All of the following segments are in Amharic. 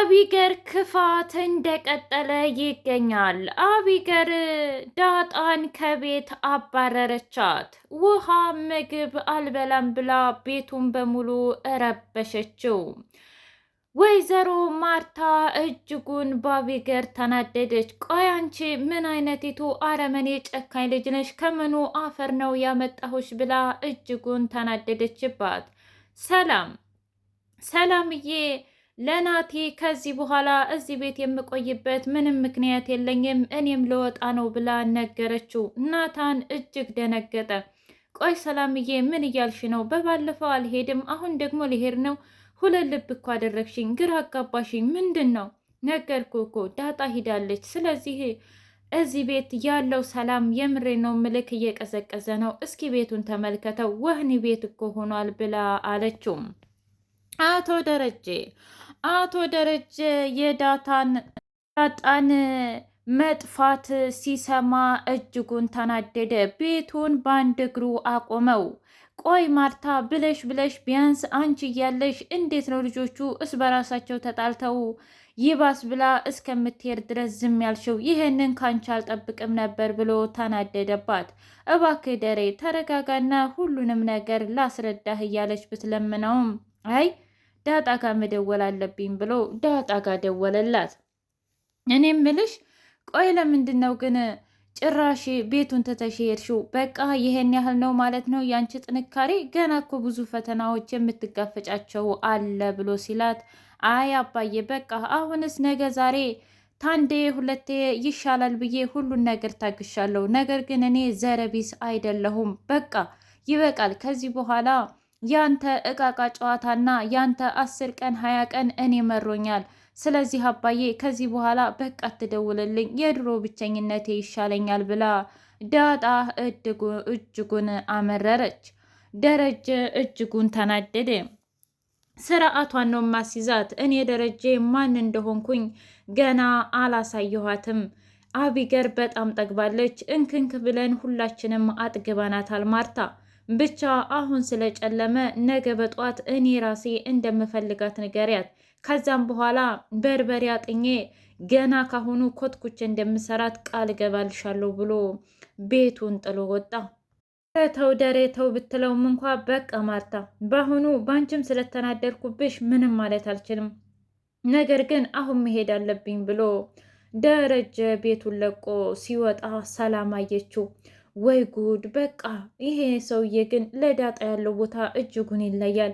አቢገር ክፋት እንደቀጠለ ይገኛል። አቢገር ዳጣን ከቤት አባረረቻት። ውሃ ምግብ አልበላም ብላ ቤቱን በሙሉ እረበሸችው። ወይዘሮ ማርታ እጅጉን በአቢገር ተናደደች። ቆይ አንቺ ምን አይነቲቱ አረመኔ ጨካኝ ልጅ ነሽ? ከምኑ አፈር ነው ያመጣሁሽ? ብላ እጅጉን ተናደደችባት። ሰላም ሰላምዬ ለናቴ ከዚህ በኋላ እዚህ ቤት የምቆይበት ምንም ምክንያት የለኝም፣ እኔም ለወጣ ነው ብላ ነገረችው። ናታን እጅግ ደነገጠ። ቆይ ሰላምዬ፣ ምን እያልሽ ነው? በባለፈው አልሄድም፣ አሁን ደግሞ ልሄድ ነው። ሁለት ልብ እኮ አደረግሽኝ፣ ግራ አጋባሽኝ። ምንድን ነው? ነገርኩ እኮ ዳጣ ሂዳለች። ስለዚህ እዚህ ቤት ያለው ሰላም የምሬ ነው፣ ምልክ እየቀዘቀዘ ነው። እስኪ ቤቱን ተመልከተው፣ ወህኒ ቤት እኮ ሆኗል ብላ አለችው። አቶ ደረጀ አቶ ደረጀ የዳታን ዳጣን መጥፋት ሲሰማ እጅጉን ተናደደ። ቤቱን በአንድ እግሩ አቆመው። ቆይ ማርታ ብለሽ ብለሽ ቢያንስ አንቺ እያለሽ እንዴት ነው ልጆቹ እስ በራሳቸው ተጣልተው ይባስ ብላ እስከምትሄድ ድረስ ዝም ያልሽው? ይህንን ካንቺ አልጠብቅም ነበር ብሎ ተናደደባት። እባክህ ደሬ ተረጋጋና ሁሉንም ነገር ላስረዳህ እያለች ብትለምነውም አይ ዳጣ ጋር መደወል አለብኝ ብሎ ዳጣ ጋር ደወለላት። እኔ ምልሽ ቆይ ለምንድን ነው ግን ጭራሽ ቤቱን ትተሽ ሄድሽው? በቃ ይሄን ያህል ነው ማለት ነው ያንቺ ጥንካሬ? ገና እኮ ብዙ ፈተናዎች የምትጋፈጫቸው አለ ብሎ ሲላት፣ አይ አባዬ በቃ አሁንስ ነገ ዛሬ ታንዴ ሁለቴ ይሻላል ብዬ ሁሉን ነገር ታግሻለሁ። ነገር ግን እኔ ዘረቢስ አይደለሁም። በቃ ይበቃል ከዚህ በኋላ ያንተ እቃቃ ጨዋታና ያንተ አስር ቀን ሀያ ቀን እኔ መሮኛል። ስለዚህ አባዬ ከዚህ በኋላ በቃ አትደውልልኝ፣ የድሮ ብቸኝነቴ ይሻለኛል ብላ ዳጣ እጅጉን አመረረች። ደረጀ እጅጉን ተናደደ። ስርዓቷን ነው ማስይዛት። እኔ ደረጀ ማን እንደሆንኩኝ ገና አላሳየኋትም። አቢገር በጣም ጠግባለች። እንክንክ ብለን ሁላችንም አጥግበናታል ማርታ ብቻ አሁን ስለጨለመ ነገ በጧት እኔ ራሴ እንደምፈልጋት ንገሪያት። ከዛም በኋላ በርበሬ አጥኜ ገና ካሁኑ ኮትኩቼ እንደምሰራት ቃል ገባልሻለሁ ብሎ ቤቱን ጥሎ ወጣ። ተው ደሬተው ብትለውም እንኳ በቃ ማርታ፣ በአሁኑ ባንቺም ስለተናደርኩብሽ ምንም ማለት አልችልም፣ ነገር ግን አሁን መሄድ አለብኝ ብሎ ደረጀ ቤቱን ለቆ ሲወጣ ሰላም አየችው። ወይ ጉድ! በቃ ይሄ ሰውዬ ግን ለዳጣ ያለው ቦታ እጅጉን ይለያል።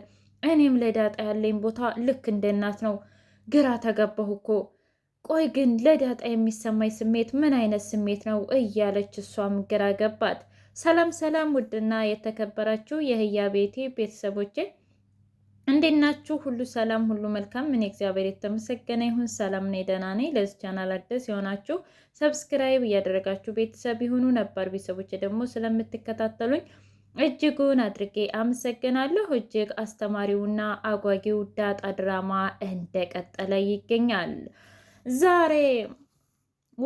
እኔም ለዳጣ ያለኝ ቦታ ልክ እንደ እናት ነው። ግራ ተገባሁ እኮ። ቆይ ግን ለዳጣ የሚሰማኝ ስሜት ምን አይነት ስሜት ነው? እያለች እሷም ግራ ገባት። ሰላም ሰላም! ውድና የተከበራችሁ የህያ ቤቴ ቤተሰቦቼ እንዴት ናችሁ? ሁሉ ሰላም፣ ሁሉ መልካም። እኔ እግዚአብሔር የተመሰገነ ይሁን ሰላም ነኝ፣ ደህና ነኝ። ለዚ ቻናል አዲስ የሆናችሁ ሰብስክራይብ እያደረጋችሁ ቤተሰብ ይሁኑ። ነባር ቤተሰቦች ደግሞ ስለምትከታተሉኝ እጅጉን አድርጌ አመሰግናለሁ። እጅግ አስተማሪውና አጓጊው ዳጣ ድራማ እንደቀጠለ ይገኛል። ዛሬ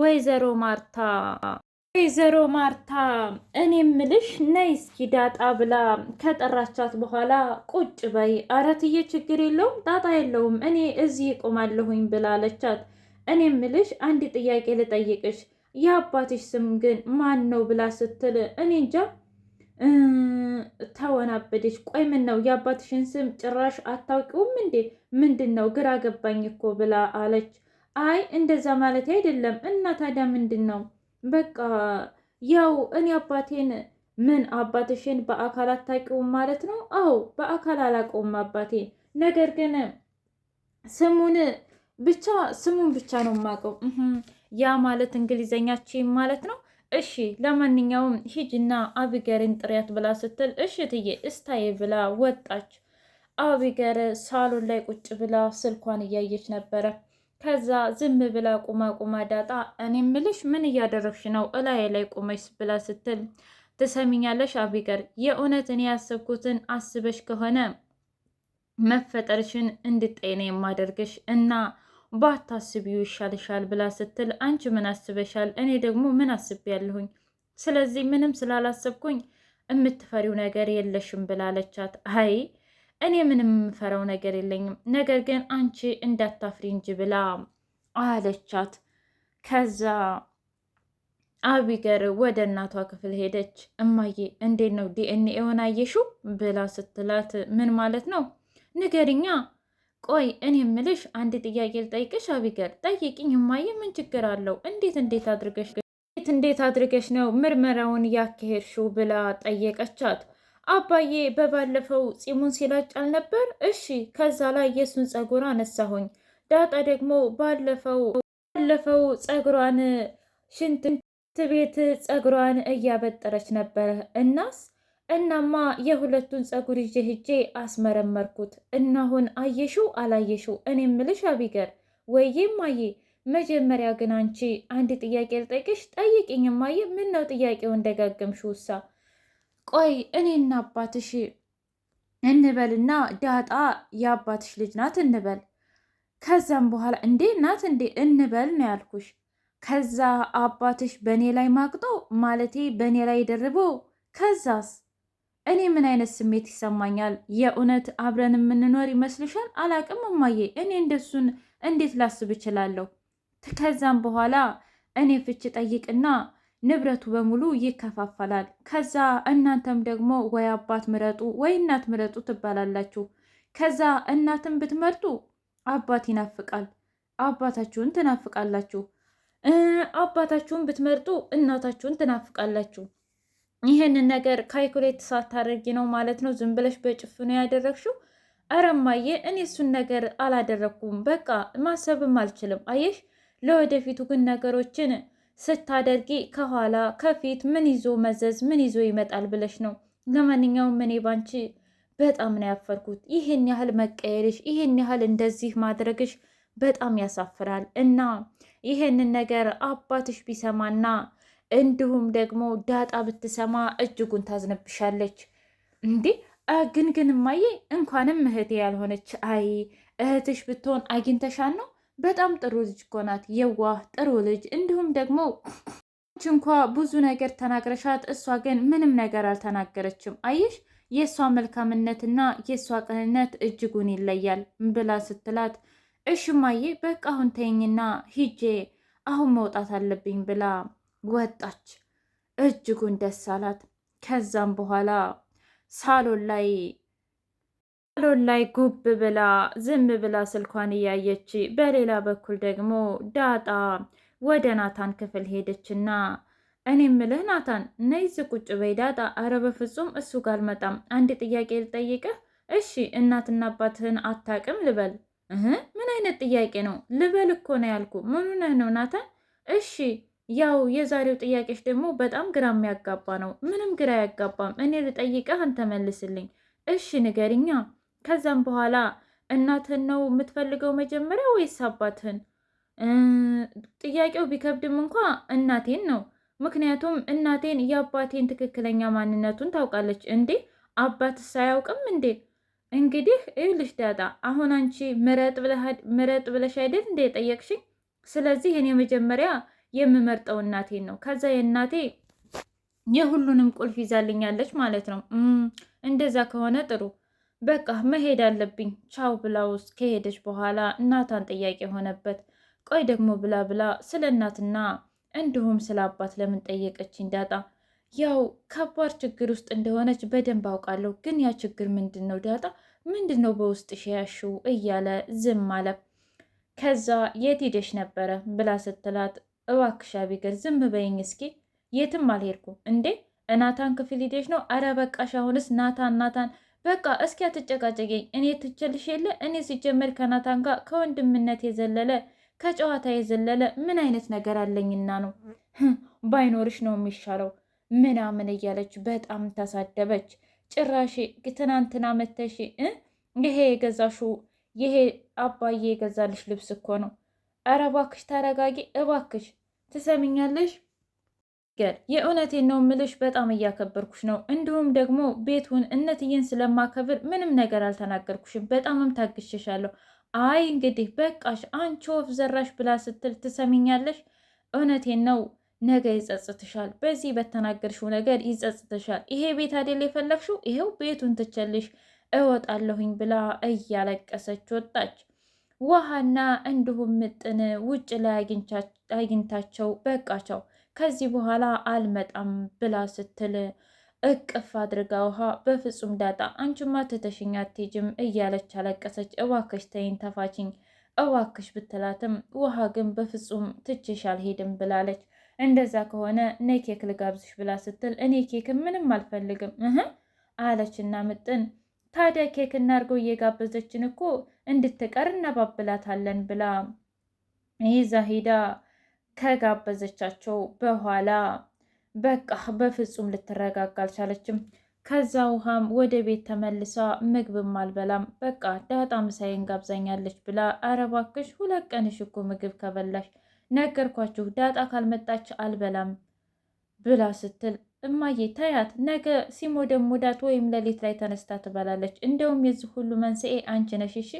ወይዘሮ ማርታ ወይዘሮ ማርታ እኔ ምልሽ ነይ እስኪ ዳጣ ብላ ከጠራቻት በኋላ ቁጭ በይ፣ ኧረ ችግር የለውም ጣጣ የለውም እኔ እዚህ እቆማለሁኝ ብላ አለቻት። እኔ ምልሽ አንድ ጥያቄ ልጠይቅሽ፣ የአባትሽ ስም ግን ማን ነው ብላ ስትል እኔ እንጃ ተወናበደች። ቆይ ምን ነው የአባትሽን ስም ጭራሽ አታውቂውም እንዴ? ምንድን ነው ግራ ገባኝ እኮ ብላ አለች። አይ እንደዛ ማለት አይደለም እና ታዲያ ምንድን ነው በቃ ያው እኔ አባቴን ምን አባትሽን በአካል አታውቂውም ማለት ነው? አዎ በአካል አላውቀውም አባቴን። ነገር ግን ስሙን ብቻ ስሙን ብቻ ነው የማውቀው። ያ ማለት እንግሊዘኛች ማለት ነው። እሺ ለማንኛውም ሂጅና አቢገርን ጥሪያት ብላ ስትል እሺ ትዬ እስታዬ ብላ ወጣች። አቢገር ሳሎን ላይ ቁጭ ብላ ስልኳን እያየች ነበረ። ከዛ ዝም ብላ ቁማ ቁማ ዳጣ እኔ ምልሽ ምን እያደረግሽ ነው እላዬ ላይ ቁመሽ ብላ ስትል ትሰሚኛለሽ አቢገር፣ የእውነት እኔ ያሰብኩትን አስበሽ ከሆነ መፈጠርሽን እንድጤና የማደርግሽ እና ባታስቢው ይሻልሻል ብላ ስትል አንቺ ምን አስበሻል? እኔ ደግሞ ምን አስቤያለሁኝ? ስለዚህ ምንም ስላላሰብኩኝ የምትፈሪው ነገር የለሽም ብላለቻት። አይ እኔ ምንም የምፈራው ነገር የለኝም፣ ነገር ግን አንቺ እንዳታፍሪ እንጂ ብላ አለቻት። ከዛ አቢገር ወደ እናቷ ክፍል ሄደች። እማዬ እንዴት ነው ዲኤንኤውን አየሽው ብላ ስትላት፣ ምን ማለት ነው ንገሪኛ። ቆይ እኔ ምልሽ አንድ ጥያቄ ልጠይቅሽ አቢገር። ጠይቅኝ እማዬ፣ ምን ችግር አለው? እንዴት እንዴት አድርገሽ እንዴት አድርገሽ ነው ምርመራውን ያካሄድሽው ብላ ጠየቀቻት። አባዬ በባለፈው ፂሙን ሲላጫል ነበር። እሺ ከዛ ላይ የእሱን ፀጉር አነሳሁኝ። ዳጣ ደግሞ ባለፈው ባለፈው ፀጉሯን ሽንት ቤት ፀጉሯን እያበጠረች ነበረ። እናስ እናማ የሁለቱን ፀጉር ይዤ ሂጄ አስመረመርኩት። እናሁን አየሽው አላየሽው? እኔ ምልሽ አቢገር ወይ ማዬ፣ መጀመሪያ ግን አንቺ አንድ ጥያቄ ልጠይቅሽ። ጠይቅኝ ማዬ። ምን ነው ጥያቄውን ደጋገምሽ ውሳ ቆይ እኔና አባትሽ እንበልና ዳጣ የአባትሽ ልጅ ናት እንበል። ከዛም በኋላ እንዴ ናት እንዴ እንበል ነው ያልኩሽ። ከዛ አባትሽ በእኔ ላይ ማቅጦ ማለቴ በእኔ ላይ ደርቦ፣ ከዛስ እኔ ምን አይነት ስሜት ይሰማኛል? የእውነት አብረን የምንኖር ይመስልሻል? አላቅም እማዬ፣ እኔ እንደሱን እንዴት ላስብ እችላለሁ? ከዛም በኋላ እኔ ፍች ጠይቅና ንብረቱ በሙሉ ይከፋፈላል። ከዛ እናንተም ደግሞ ወይ አባት ምረጡ ወይ እናት ምረጡ ትባላላችሁ። ከዛ እናትን ብትመርጡ አባት ይናፍቃል፣ አባታችሁን ትናፍቃላችሁ። አባታችሁን ብትመርጡ እናታችሁን ትናፍቃላችሁ። ይህንን ነገር ካልኩሌት ሳታደርጊ ነው ማለት ነው። ዝም ብለሽ በጭፍ ነው ያደረግሽው። አረማዬ እኔ እሱን ነገር አላደረግኩም። በቃ ማሰብም አልችልም። አየሽ ለወደፊቱ ግን ነገሮችን ስታደርጊ ከኋላ ከፊት ምን ይዞ መዘዝ ምን ይዞ ይመጣል ብለሽ ነው። ለማንኛውም እኔ ባንቺ በጣም ነው ያፈርኩት። ይህን ያህል መቀየርሽ፣ ይህን ያህል እንደዚህ ማድረግሽ በጣም ያሳፍራል እና ይህንን ነገር አባትሽ ቢሰማና እንዲሁም ደግሞ ዳጣ ብትሰማ እጅጉን ታዝነብሻለች። እንዴ ግን ግን እማዬ እንኳንም እህቴ ያልሆነች አይ እህትሽ ብትሆን አግኝተሻን ነው በጣም ጥሩ ልጅ እኮ ናት። የዋህ ጥሩ ልጅ እንዲሁም ደግሞ እንኳ ብዙ ነገር ተናግረሻት፣ እሷ ግን ምንም ነገር አልተናገረችም። አየሽ የእሷ መልካምነትና የእሷ ቅንነት እጅጉን ይለያል ብላ ስትላት፣ እሽማዬ በቃ አሁን ተይኝና ሂጄ አሁን መውጣት አለብኝ ብላ ወጣች። እጅጉን ደስ አላት። ከዛም በኋላ ሳሎን ላይ ሳሎን ላይ ጉብ ብላ ዝም ብላ ስልኳን እያየች፣ በሌላ በኩል ደግሞ ዳጣ ወደ ናታን ክፍል ሄደችና እኔ ምልህ ናታን ነይዝ ቁጭ በይ ዳጣ። አረ በፍጹም እሱ ጋር አልመጣም። አንድ ጥያቄ ልጠይቅህ እሺ? እናትና አባትህን አታቅም ልበል? እህ ምን አይነት ጥያቄ ነው? ልበል እኮ ነው ያልኩ። ምኑነህ ነው ናታን? እሺ ያው የዛሬው ጥያቄች ደግሞ በጣም ግራ የሚያጋባ ነው። ምንም ግራ አያጋባም። እኔ ልጠይቅህ አንተ መልስልኝ። እሺ ንገርኛ። ከዛም በኋላ እናትን ነው የምትፈልገው መጀመሪያ ወይስ አባትን ጥያቄው ቢከብድም እንኳ እናቴን ነው። ምክንያቱም እናቴን የአባቴን ትክክለኛ ማንነቱን ታውቃለች። እንዴ አባትስ አያውቅም እንዴ? እንግዲህ ይኸውልሽ ዳጣ፣ አሁን አንቺ ምረጥ ብለሽ አይደል እንደ የጠየቅሽኝ? ስለዚህ እኔ መጀመሪያ የምመርጠው እናቴን ነው። ከዛ የእናቴ የሁሉንም ቁልፍ ይዛልኛለች ማለት ነው። እንደዛ ከሆነ ጥሩ በቃ መሄድ አለብኝ ቻው ውስጥ ከሄደች በኋላ ናታን ጥያቄ ሆነበት። ቆይ ደግሞ ብላ ብላ ስለ እናትና እንዲሁም ስለ አባት ለምን ጠየቀች ዳጣ? ያው ከባድ ችግር ውስጥ እንደሆነች በደንብ አውቃለሁ፣ ግን ያ ችግር ምንድን ነው ዳጣ? ምንድን ነው በውስጥ ሸያሽው እያለ ዝም አለ። ከዛ የት ሄደሽ ነበረ ብላ ስትላት፣ እባክሽ አቢገል ዝም በይኝ እስኪ፣ የትም አልሄድኩም። እንዴ እናታን ክፍል ሂደሽ ነው? አረ በቃሽ፣ አሁንስ ናታን ናታን በቃ እስኪ አትጨቃጨቂኝ። እኔ ትችልሽ የለ እኔ ሲጀመር ከናታን ጋር ከወንድምነት የዘለለ ከጨዋታ የዘለለ ምን አይነት ነገር አለኝና ነው? ባይኖርሽ ነው የሚሻለው ምናምን እያለች በጣም ተሳደበች። ጭራሽ ትናንትና መተሽ ይሄ የገዛሹ ይሄ አባዬ የገዛልሽ ልብስ እኮ ነው። ኧረ እባክሽ ተረጋጊ እባክሽ፣ ትሰምኛለሽ? ገል የእውነቴን ነው ምልሽ፣ በጣም እያከበርኩሽ ነው። እንዲሁም ደግሞ ቤቱን እነትዬን ስለማከብር ምንም ነገር አልተናገርኩሽም። በጣምም ታግሸሻለሁ። አይ እንግዲህ በቃሽ፣ አንቺ ወፍ ዘራሽ ብላ ስትል ትሰሚኛለሽ። እውነቴን ነው ነገ ይጸጽትሻል። በዚህ በተናገርሽው ነገር ይጸጽትሻል። ይሄ ቤት አደል የፈለግሽው? ይሄው ቤቱን ትቸልሽ እወጣለሁኝ ብላ እያለቀሰች ወጣች። ውሃና እንዲሁም ምጥን ውጭ ላይ አግኝታቸው በቃቸው። ከዚህ በኋላ አልመጣም ብላ ስትል እቅፍ አድርጋ ውሃ በፍጹም ዳጣ አንቺማ ትተሽኝ አትሄጂም እያለች አለቀሰች። እባክሽ ተይኝ ተፋችኝ እባክሽ ብትላትም ውሃ ግን በፍጹም ትችሽ አልሄድም ብላለች። እንደዛ ከሆነ እኔ ኬክ ልጋብዝሽ ብላ ስትል እኔ ኬክ ምንም አልፈልግም እህ አለችና ምጥን ታዲያ ኬክ አድርገው እየጋበዘችን እኮ እንድትቀር እናባብላታለን ብላ ይዛ ሄዳ ከጋበዘቻቸው በኋላ በቃ በፍጹም ልትረጋጋ አልቻለችም። ከዛ ውሃም ወደ ቤት ተመልሳ ምግብም አልበላም በቃ ዳጣ ምሳዬን ጋብዛኛለች ብላ ኧረ እባክሽ ሁለት ቀንሽ እኮ ምግብ ከበላሽ ነገርኳችሁ፣ ዳጣ ካልመጣች አልበላም ብላ ስትል እማዬ ታያት፣ ነገ ሲሞ ደግሞ ዳት ወይም ሌሊት ላይ ተነስታ ትበላለች። እንደውም የዚህ ሁሉ መንስኤ አንቺ ነሽ እሺ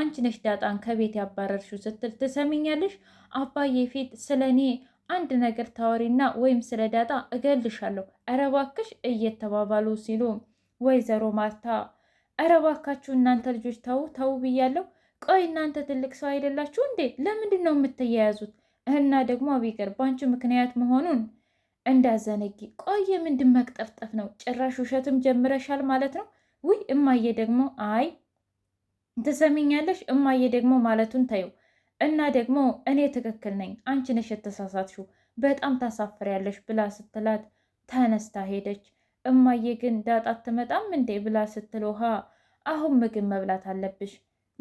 አንቺ ነሽ ዳጣን ከቤት ያባረርሽው ስትል ትሰሚኛለሽ? አባዬ ፊት ስለ እኔ አንድ ነገር ታወሪና ወይም ስለ ዳጣ እገልሻለሁ፣ ኧረ እባክሽ እየተባባሉ ሲሉ ወይዘሮ ማርታ ኧረ እባካችሁ እናንተ ልጆች ተው ተው ብያለሁ። ቆይ እናንተ ትልቅ ሰው አይደላችሁ እንዴ? ለምንድን ነው የምትያያዙት? እና ደግሞ ቢቀር በአንቺ ምክንያት መሆኑን እንዳዘነጊ። ቆየ። ምንድን መቅጠፍጠፍ ነው? ጭራሽ ውሸትም ጀምረሻል ማለት ነው። ውይ እማዬ ደግሞ አይ ትሰሚኛለሽ? እማዬ ደግሞ ማለቱን ታዩ እና ደግሞ እኔ ትክክል ነኝ፣ አንቺ ነሽ የተሳሳትሽው፣ በጣም ታሳፍሪያለሽ ብላ ስትላት ተነስታ ሄደች። እማዬ ግን ዳጣ አትመጣም እንዴ ብላ ስትል ውሃ አሁን ምግብ መብላት አለብሽ፣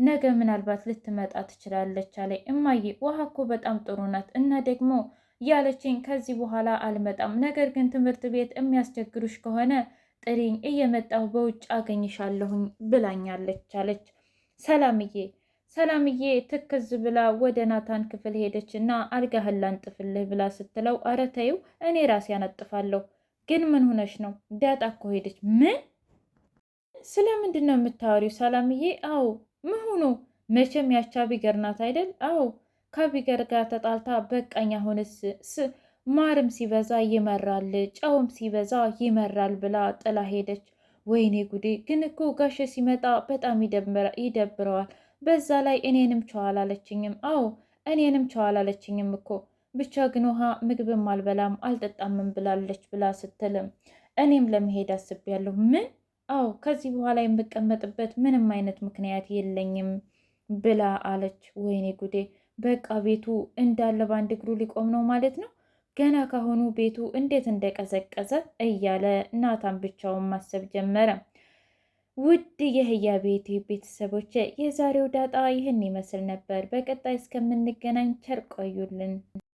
ነገ ምናልባት ልትመጣ ትችላለች አለ እማዬ። ውሃ እኮ በጣም ጥሩ ናት እና ደግሞ ያለችኝ ከዚህ በኋላ አልመጣም፣ ነገር ግን ትምህርት ቤት የሚያስቸግሩሽ ከሆነ ጥሪኝ፣ እየመጣሁ በውጭ አገኝሻለሁኝ ብላኛለች አለች። ሰላምዬ ሰላምዬ ትክዝ ብላ ወደ ናታን ክፍል ሄደች እና አልጋህን ላንጥፍልህ ብላ ስትለው አረ ተይው እኔ ራሴ ያነጥፋለሁ። ግን ምን ሆነሽ ነው? ዳጣ እኮ ሄደች። ምን ስለምንድን ነው የምታወሪው ሰላምዬ? አዎ ምሁኑ መቼም ያቻ አቢገር ናት አይደል? አዎ ከአቢገር ጋር ተጣልታ በቃኝ። አሁንስ ማርም ሲበዛ ይመራል፣ ጨውም ሲበዛ ይመራል ብላ ጥላ ሄደች። ወይኔ ጉዴ! ግን እኮ ጋሼ ሲመጣ በጣም ይደብረዋል። በዛ ላይ እኔንም ቻው አላለችኝም። አዎ እኔንም ቻው አላለችኝም እኮ ብቻ ግን ውሃ ምግብም አልበላም አልጠጣምም ብላለች ብላ ስትልም እኔም ለመሄድ አስቤያለሁ። ምን? አዎ ከዚህ በኋላ የምቀመጥበት ምንም አይነት ምክንያት የለኝም ብላ አለች። ወይኔ ጉዴ! በቃ ቤቱ እንዳለ በአንድ እግሩ ሊቆም ነው ማለት ነው። ገና ካሁኑ ቤቱ እንዴት እንደቀዘቀዘ እያለ ናታን ብቻውን ማሰብ ጀመረ። ውድ የህያ ቤት ቤተሰቦች የዛሬው ዳጣ ይህን ይመስል ነበር። በቀጣይ እስከምንገናኝ ቸር ቆዩልን።